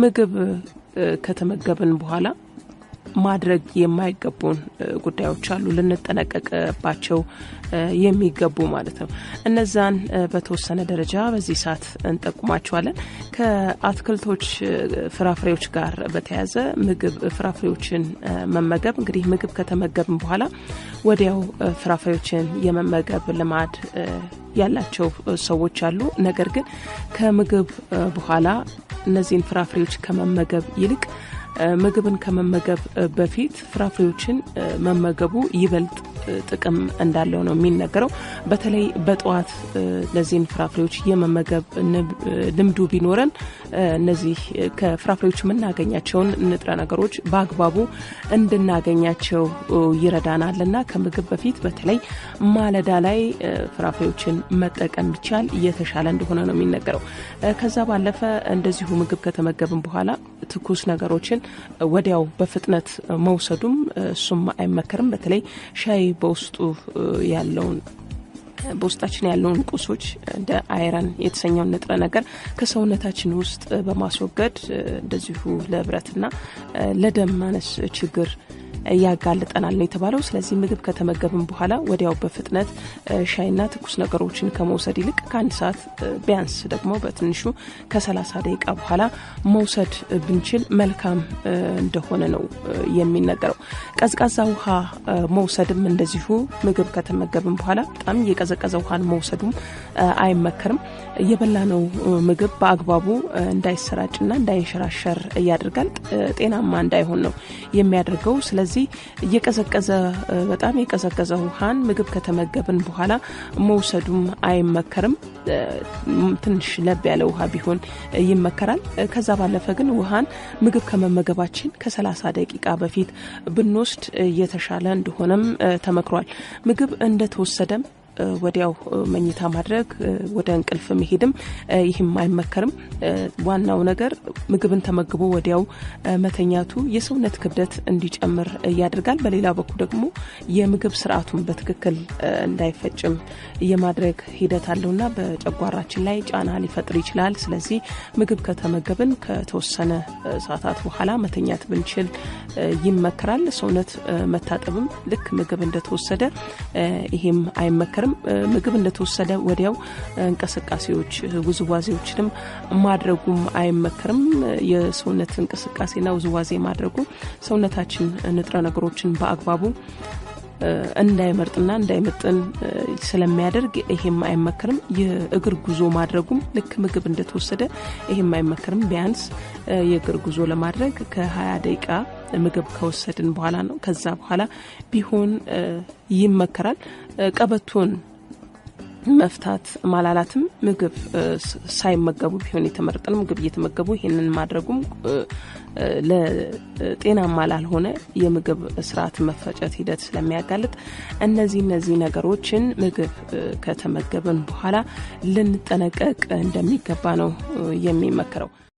ምግብ ከተመገብን በኋላ ማድረግ የማይገቡን ጉዳዮች አሉ፣ ልንጠነቀቅባቸው የሚገቡ ማለት ነው። እነዛን በተወሰነ ደረጃ በዚህ ሰዓት እንጠቁማቸዋለን። ከአትክልቶች ፍራፍሬዎች ጋር በተያያዘ ምግብ ፍራፍሬዎችን መመገብ እንግዲህ ምግብ ከተመገብን በኋላ ወዲያው ፍራፍሬዎችን የመመገብ ልማድ ያላቸው ሰዎች አሉ። ነገር ግን ከምግብ በኋላ እነዚህን ፍራፍሬዎች ከመመገብ ይልቅ ምግብን ከመመገብ በፊት ፍራፍሬዎችን መመገቡ ይበልጥ ጥቅም እንዳለው ነው የሚነገረው። በተለይ በጠዋት እነዚህን ፍራፍሬዎች የመመገብ ልምዱ ቢኖረን እነዚህ ከፍራፍሬዎች የምናገኛቸውን ንጥረ ነገሮች በአግባቡ እንድናገኛቸው ይረዳናል እና ከምግብ በፊት በተለይ ማለዳ ላይ ፍራፍሬዎችን መጠቀም ቢቻል የተሻለ እንደሆነ ነው የሚነገረው። ከዛ ባለፈ እንደዚሁ ምግብ ከተመገብን በኋላ ትኩስ ነገሮችን ወዲያው በፍጥነት መውሰዱም እሱም አይመከርም። በተለይ ሻይ በውስጡ ያለውን በውስጣችን ያለውን ቁሶች እንደ አይረን የተሰኘውን ንጥረ ነገር ከሰውነታችን ውስጥ በማስወገድ እንደዚሁ ለብረትና ለደም ማነስ ችግር ያጋልጠናል የተባለው። ስለዚህ ምግብ ከተመገብን በኋላ ወዲያው በፍጥነት ሻይና ትኩስ ነገሮችን ከመውሰድ ይልቅ ከአንድ ሰዓት ቢያንስ ደግሞ በትንሹ ከሰላሳ ደቂቃ በኋላ መውሰድ ብንችል መልካም እንደሆነ ነው የሚነገረው። ቀዝቃዛ ውሃ መውሰድም እንደዚሁ ምግብ ከተመገብን በኋላ በጣም የቀዘቀዘ ውሃን መውሰዱም አይመከርም። የበላነው ምግብ በአግባቡ እንዳይሰራጭና እንዳይንሸራሸር ያደርጋል። ጤናማ እንዳይሆን ነው የሚያደርገው። ስለዚህ ስለዚህ እየቀዘቀዘ በጣም የቀዘቀዘ ውሃን ምግብ ከተመገብን በኋላ መውሰዱም አይመከርም። ትንሽ ለብ ያለ ውሃ ቢሆን ይመከራል። ከዛ ባለፈ ግን ውሃን ምግብ ከመመገባችን ከ30 ደቂቃ በፊት ብንወስድ እየተሻለ እንደሆነም ተመክሯል። ምግብ እንደተወሰደም ወዲያው መኝታ ማድረግ ወደ እንቅልፍ መሄድም ይህም አይመከርም። ዋናው ነገር ምግብን ተመግቦ ወዲያው መተኛቱ የሰውነት ክብደት እንዲጨምር ያደርጋል። በሌላ በኩል ደግሞ የምግብ ስርዓቱን በትክክል እንዳይፈጭም የማድረግ ሂደት አለውና በጨጓራችን ላይ ጫና ሊፈጥር ይችላል። ስለዚህ ምግብ ከተመገብን ከተወሰነ ሰዓታት በኋላ መተኛት ብንችል ይመከራል። ሰውነት መታጠብም ልክ ምግብ እንደተወሰደ ይሄም አይመከርም። አይቻልም። ምግብ እንደተወሰደ ወዲያው እንቅስቃሴዎች ውዝዋዜዎችንም ማድረጉም አይመከርም። የሰውነት እንቅስቃሴና ውዝዋዜ ማድረጉ ሰውነታችን ንጥረ ነገሮችን በአግባቡ እንዳይመርጥና እንዳይመጥን ስለሚያደርግ ይሄም አይመከርም። የእግር ጉዞ ማድረጉም ልክ ምግብ እንደተወሰደ ይሄም አይመከርም። ቢያንስ የእግር ጉዞ ለማድረግ ከ20 ደቂቃ ምግብ ከወሰድን በኋላ ነው። ከዛ በኋላ ቢሆን ይመከራል። ቀበቶን መፍታት ማላላትም ምግብ ሳይመገቡ ቢሆን የተመረጠ ነው። ምግብ እየተመገቡ ይህንን ማድረጉም ለጤናማ ላልሆነ የምግብ ስርዓት መፈጨት ሂደት ስለሚያጋልጥ እነዚህ እነዚህ ነገሮችን ምግብ ከተመገብን በኋላ ልንጠነቀቅ እንደሚገባ ነው የሚመክረው።